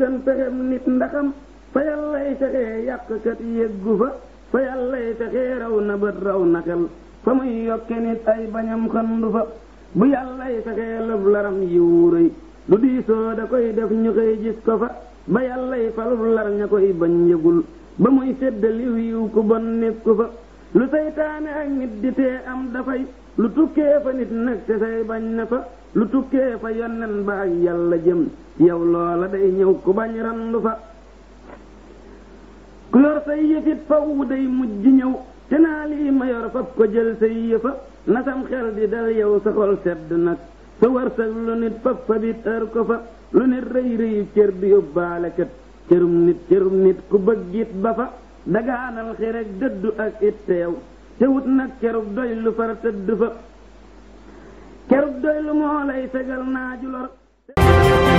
gën pexem nit ndaxam fa yàllay taxee yàqkat yëggu fa fa yàllay taxee raw na bët raw na xel fa muy yokke nit ay bañam xandu fa bu yàllay taxee lëf laram yi wuuray lu diisoo da koy def ñu koy gis ko fa ba yàllay falub lar ña koy bañ yëgul ba muy séddaliw yiw ku bon nit ku fa lu seytaane ak nit di tee am dafay lu tukkee fa nit nag te say bañ na fa lu tukkee fa yonnen ba ak yàlla jëm yow loola day ñëw ku bañ randu fa ku yor say yëfit faw day mujj ñëw te naa lii ma fab ko jël say yëfa na sam xel di dal yow sa xol sedd nag sa wërsëg lu nit fab fabit ër ko fa lu nit rëy rëyu cër du yóbbaale kat cërum nit cërum nit ku bëggit ba fa dagaanal xi rek dëddu ak itteew te wut nag kerug doy lu far tëdd fa kerug doy lu moo lay naaju lor